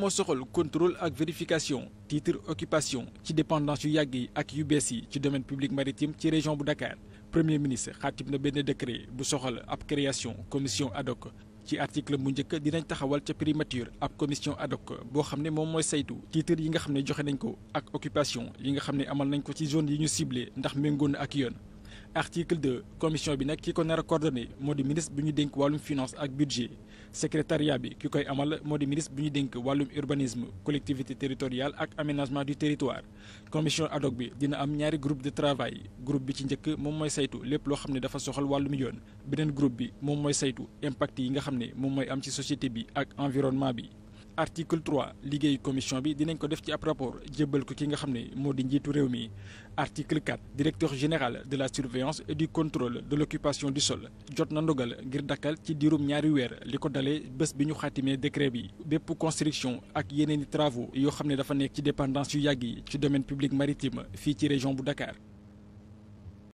moo soxal contrôle ak vérification titre occupation ci dépendance yu yàgg yi ak yu bees yi ci domaine public maritime ci région bu Dakar premier ministre xaatim na benn décret bu soxal ab création commission ad hoc ci article mu njëkk dinañ taxawal ca primature ab commission ad hoc boo xam ne moom mooy saytu titre yi nga xam ne joxe nañ ko ak occupation yi nga xam ne amal nañ ko ci zone yi ñu ciblé ndax méngoon na ak yoon article 2 commission bi nag ki ko nar a coordonné moo di ministre bu ñu dénk wàllum finance ak budget secrétariat bi ki koy amal moo di ministre bu ñu dénk wàllum urbanisme collectivité territoriale ak aménagement du territoire commission ad hoc bi dina am ñaari groupe de travail groupe bi ci njëkk moom mooy saytu lépp loo xam ne dafa soxal wàllum yoon beneen groupe bi moom mooy saytu impact yi nga xam ne moom mooy am ci société bi ak environnement bi article 3 liggéey commission bi dinañ ko def ci ab rapport jébbal ko ki nga xam ne moo di njiitu réew mi article 4 directeur général de la surveillance et du contrôle de l'occupation du sol jot na ndogal ngir dakkal ci diirum ñaari weer li ko dalee bés bi ñu xaatime décret bi bépp construction ak yeneen yeneeni travaux yoo xam ne dafa nekk ci dépendance yu yàgg yi ci domaine publique maritime fii ci région bu Dakar